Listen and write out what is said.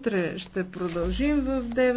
Утре ще продължим в 9.